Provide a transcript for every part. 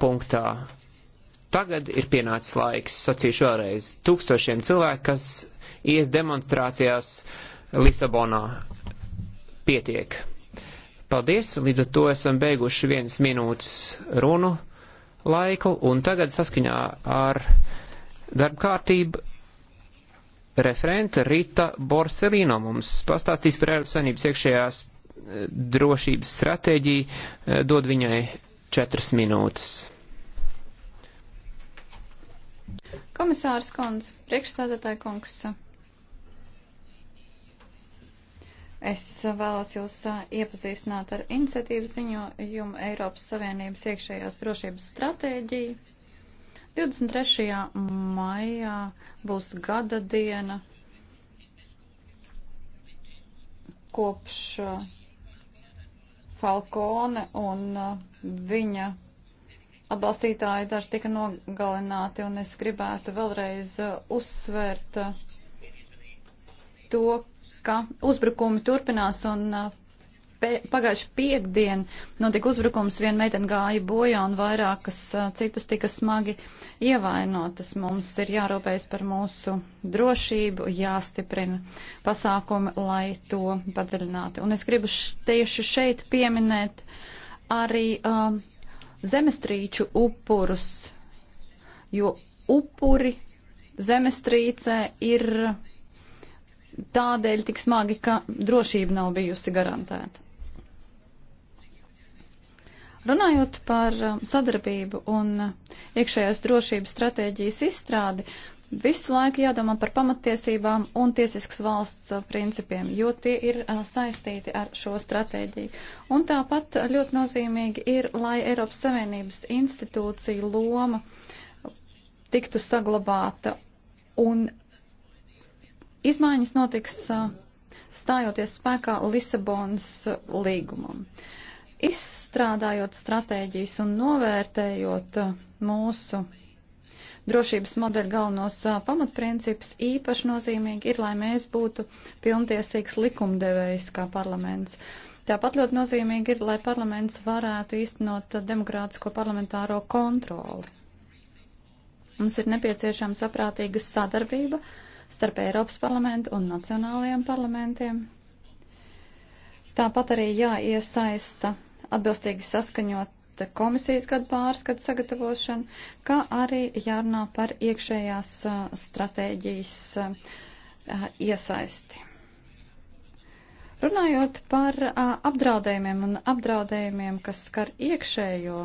punktā. Tagad ir pienācis laiks, sacīšu vēlreiz, tūkstošiem cilvēku, kas ies demonstrācijās Lisabonā. Pietiek. Paldies, līdz ar to esam beiguši vienas minūtes runu laiku, un tagad saskaņā ar darba kārtību referenta Rita Borselino mums pastāstīs par Eiropas Savienības iekšējās eh, drošības stratēģiju, eh, dod viņai četras minūtes. Komisārs Kondz, priekšsādātāja kungs, es vēlos jūs iepazīstināt ar iniciatīvas ziņojumu Eiropas Savienības iekšējās drošības stratēģiju. 23. maijā būs gada diena kopš Falkone un uh, viņa atbalstītāji daži tika nogalināti, un es gribētu vēlreiz uh, uzsvērt uh, to, ka uzbrukumi turpinās un pagājuši piekdien notika uzbrukums, viena meitene gāja bojā un vairākas citas tika smagi ievainotas. Mums ir jārūpējas par mūsu drošību, jāstiprina pasākumi, lai to padziļinātu. Un es gribu tieši šeit pieminēt arī um, zemestrīču upurus, jo upuri zemestrīcē ir tādēļ tik smagi, ka drošība nav bijusi garantēta. Runājot par um, sadarbību un uh, iekšējās drošības stratēģijas izstrādi, visu laiku jādomā par pamatiesībām un tiesisks valsts uh, principiem, jo tie ir uh, saistīti ar šo stratēģiju. Un tāpat ļoti nozīmīgi ir, lai Eiropas Savienības institūcija loma tiktu saglabāta un izmaiņas notiks stājoties spēkā Lisabonas līgumam. Uh, Izstrādājot stratēģijas un novērtējot uh, mūsu drošības modeļa galvenos uh, pamatprincips, īpaši nozīmīgi ir, lai mēs būtu pilntiesīgs likumdevējs kā parlaments. Tāpat ļoti nozīmīgi ir, lai parlaments varētu īstenot uh, demokrātisko parlamentāro kontroli. Mums ir nepieciešama saprātīga sadarbība starp Eiropas parlamentu un nacionālajiem parlamentiem. Tāpat arī jāiesaista atbilstīgi saskaņot komisijas gadu pārskatu sagatavošanu, kā arī jārunā par iekšējās stratēģijas iesaisti. Runājot par apdraudējumiem un apdraudējumiem, kas skar iekšējo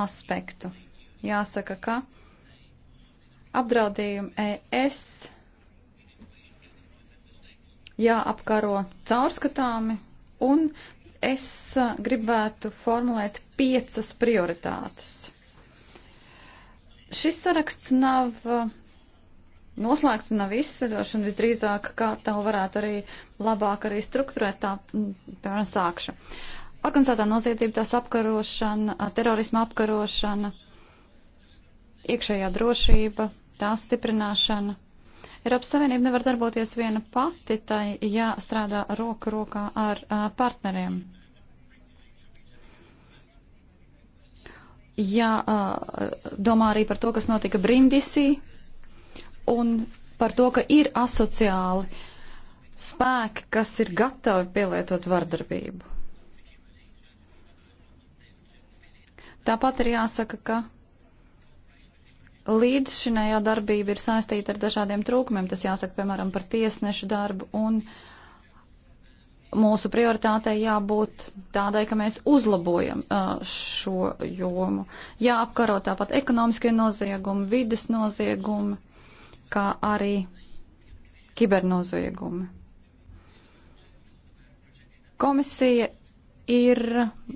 aspektu, jāsaka, ka apdraudējumi ES jāapkaro caurskatāmi un es gribētu formulēt piecas prioritātes. Šis saraksts nav noslēgts un nav izsveļošs, un visdrīzāk, kā tā varētu arī labāk arī strukturēt, tā, piemēram, sākša. Organizētā noziedzība, tās apkarošana, terorisma apkarošana, iekšējā drošība, tās stiprināšana, Eiropas Savienība nevar darboties viena pati, tai jāstrādā roku rokā ar partneriem. Jādomā arī par to, kas notika Brindisī un par to, ka ir asociāli spēki, kas ir gatavi pielietot vardarbību. Tāpat ir jāsaka, ka līdzšinējā darbība ir saistīta ar dažādiem trūkumiem. Tas jāsaka, piemēram, par tiesnešu darbu un mūsu prioritātei jābūt tādai, ka mēs uzlabojam uh, šo jomu. Jāapkaro tāpat ekonomiskie noziegumi, vides noziegumi, kā arī kibernoziegumi. Komisija ir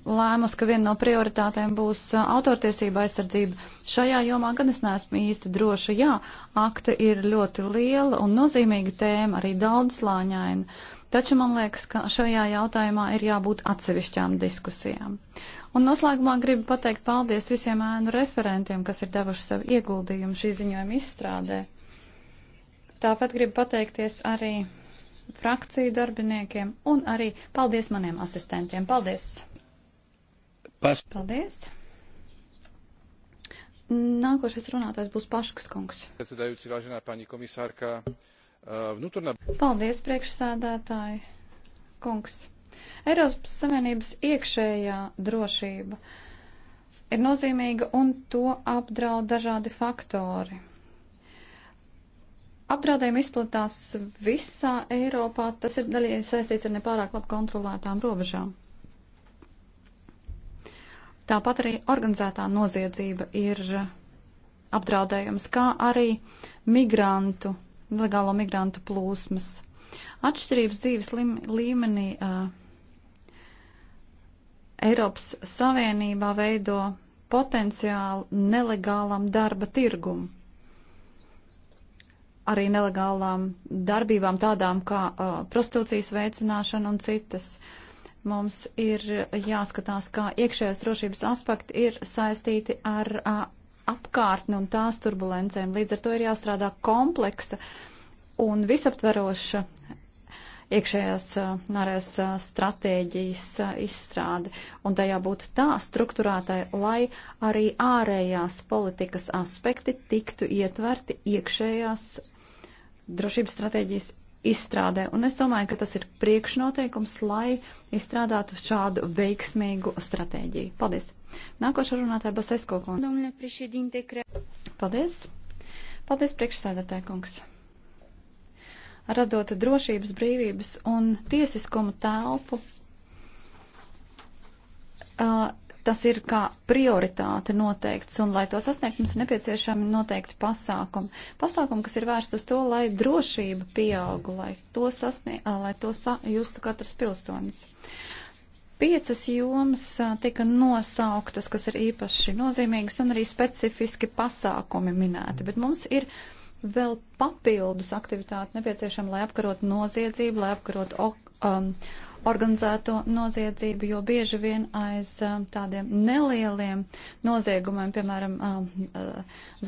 lēmus, ka viena no prioritātēm būs autortiesība aizsardzība. Šajā jomā gan es neesmu īsti droša. Jā, akta ir ļoti liela un nozīmīga tēma, arī daudzslāņaina. Taču man liekas, ka šajā jautājumā ir jābūt atsevišķām diskusijām. Un noslēgumā gribu pateikt paldies visiem ēnu referentiem, kas ir devuši savu ieguldījumu šī ziņojuma izstrādē. Tāpat gribu pateikties arī frakciju darbiniekiem un arī paldies maniem asistentiem. Paldies! Pas. Paldies! Nākošais runātājs būs Paškas kungs. E, paldies, priekšsēdētāji kungs. Eiropas Savienības iekšējā drošība ir nozīmīga un to apdraud dažādi faktori. Apdraudējumi izplatās visā Eiropā. Tas ir daļai saistīts ar nepārāk labi kontrolētām robežām. Tāpat arī organizētā noziedzība ir apdraudējums, kā arī migrantu, nelegālo migrantu plūsmas. Atšķirības dzīves lim, līmenī uh, Eiropas Savienībā veido potenciāli nelegālam darba tirgumu arī nelegālām darbībām, tādām kā uh, prostitūcijas veicināšana un citas. Mums ir jāskatās, kā iekšējās drošības aspekti ir saistīti ar uh, apkārtni un tās turbulencēm. Līdz ar to ir jāstrādā kompleksa un visaptveroša iekšējās nārēs stratēģijas izstrāde, un tajā būtu tā struktūrātai, lai arī ārējās politikas aspekti tiktu ietverti iekšējās drošības stratēģijas izstrādē. Un es domāju, ka tas ir priekšnoteikums, lai izstrādātu šādu veiksmīgu stratēģiju. Paldies! Nākošā runātāja Basesko kundze. Paldies! Paldies, priekšsēdētāja kungs! Radot drošības, brīvības un tiesiskumu telpu. Uh, tas ir kā prioritāte noteikts, un lai to sasniegt, mums ir nepieciešami noteikti pasākumi. Pasākumi, kas ir vērsti uz to, lai drošība pieaugu, lai to, sasniegt, lai to sa justu katrs pilsonis. Piecas jomas tika nosauktas, kas ir īpaši nozīmīgas, un arī specifiski pasākumi minēti, bet mums ir vēl papildus aktivitāti nepieciešama, lai apkarotu noziedzību, lai apkarotu ok, um, organizēto noziedzību, jo bieži vien aiz tādiem nelieliem noziegumiem, piemēram,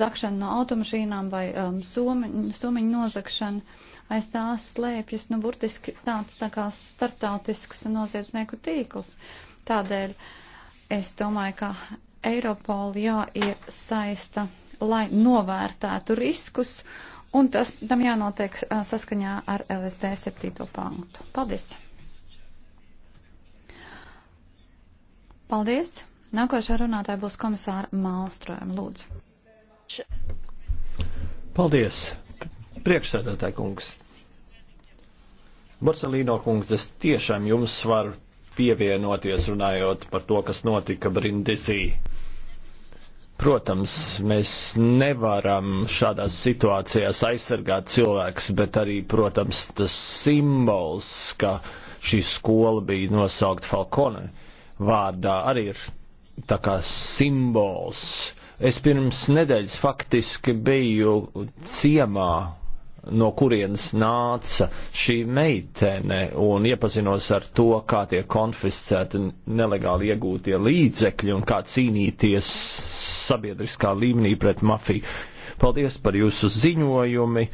zakšana no automašīnām vai somiņu, somiņu nozakšana, aiz tās slēpjas, nu, burtiski tāds tā kā starptautisks noziedznieku tīkls. Tādēļ es domāju, ka Eiropola jāiesaista, lai novērtētu riskus, un tas tam jānotiek saskaņā ar LSD 7. pantu. Paldies! Paldies! Nākošā runātāja būs komisāra Mālstrojuma. Lūdzu. Paldies! Priekšsēdētāji kungs! Marcelīno kungs, es tiešām jums varu pievienoties runājot par to, kas notika Brindisī. Protams, mēs nevaram šādās situācijās aizsargāt cilvēks, bet arī, protams, tas simbols, ka šī skola bija nosaukt Falkone. Uh, vārdā arī ir tā kā simbols. Es pirms nedēļas faktiski biju ciemā, no kurienes nāca šī meitene, un iepazinos ar to, kā tiek konfiscēti nelegāli iegūtie līdzekļi un kā cīnīties sabiedriskā līmenī pret mafiju. Paldies par jūsu ziņojumi!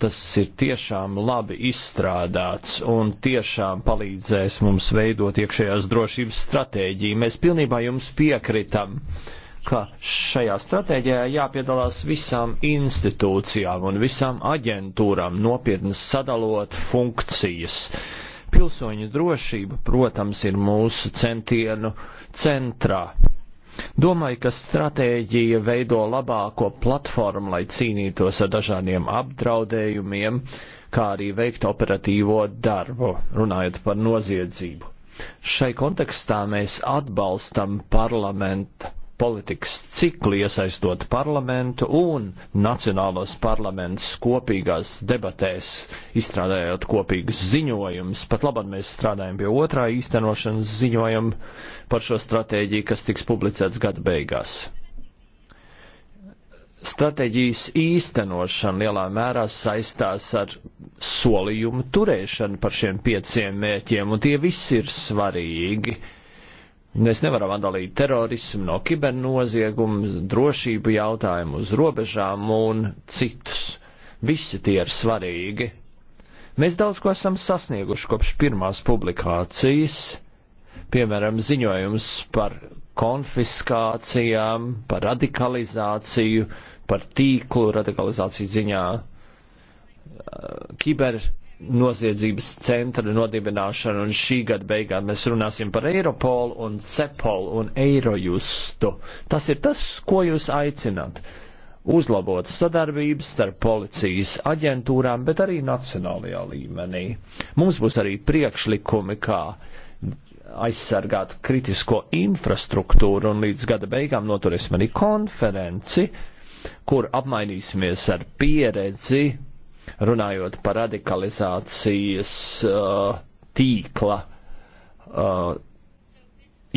tas ir tiešām labi izstrādāts un tiešām palīdzēs mums veidot iekšējās drošības stratēģiju. Mēs pilnībā jums piekritam, ka šajā stratēģijā jāpiedalās visām institūcijām un visām aģentūrām nopietni sadalot funkcijas. Pilsoņu drošība, protams, ir mūsu centienu centrā Domāju, ka stratēģija veido labāko platformu, lai cīnītos ar dažādiem apdraudējumiem, kā arī veikt operatīvo darbu, runājot par noziedzību. Šai kontekstā mēs atbalstam parlamenta politikas ciklu iesaistot parlamentu un nacionālos parlamentus kopīgās debatēs, izstrādājot kopīgus ziņojumus. Pat labāk mēs strādājam pie otrā īstenošanas ziņojuma par šo stratēģiju, kas tiks publicēts gada beigās. Stratēģijas īstenošana lielā mērā saistās ar solījumu turēšanu par šiem pieciem mērķiem, un tie visi ir svarīgi Mēs nevaram atdalīt terorismu no kibernoziegumu, drošību jautājumu uz robežām un citus. Visi tie ir svarīgi. Mēs daudz ko esam sasnieguši kopš pirmās publikācijas, piemēram, ziņojums par konfiskācijām, par radikalizāciju, par tīklu radikalizāciju ziņā, kiber noziedzības centra nodibināšanu, un šī gada beigās mēs runāsim par Eiropolu un Cepolu un Eirojustu. Tas ir tas, ko jūs aicināt - uzlabot sadarbības starp policijas aģentūrām, bet arī nacionālajā līmenī. Mums būs arī priekšlikumi, kā aizsargāt kritisko infrastruktūru, un līdz gada beigām noturēsim arī konferenci, kur apmainīsimies ar pieredzi runājot par radikalizācijas uh, tīkla uh,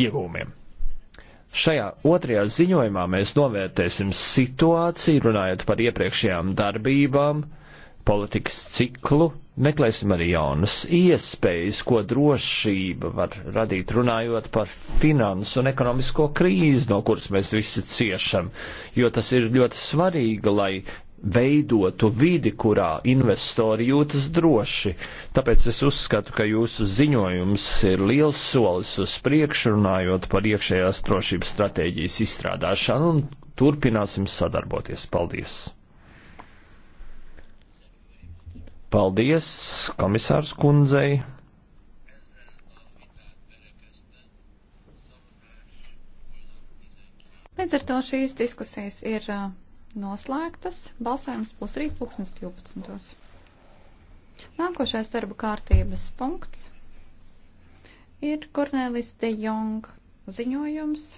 iegūmiem. Šajā otrajā ziņojumā mēs novērtēsim situāciju, runājot par iepriekšējām darbībām, politikas ciklu, meklēsim arī jaunas iespējas, ko drošība var radīt, runājot par finansu un ekonomisko krīzi, no kuras mēs visi ciešam, jo tas ir ļoti svarīgi, lai veidotu vidi, kurā investori jūtas droši. Tāpēc es uzskatu, ka jūsu ziņojums ir liels solis uz priekšu runājot par iekšējās drošības stratēģijas izstrādāšanu un turpināsim sadarboties. Paldies! Paldies komisārs kundzei! Līdz ar to šīs diskusijas ir uh, noslēgtas. Balsojums būs rīt 2012. Nākošais darba kārtības punkts ir Kornelis de Jong ziņojums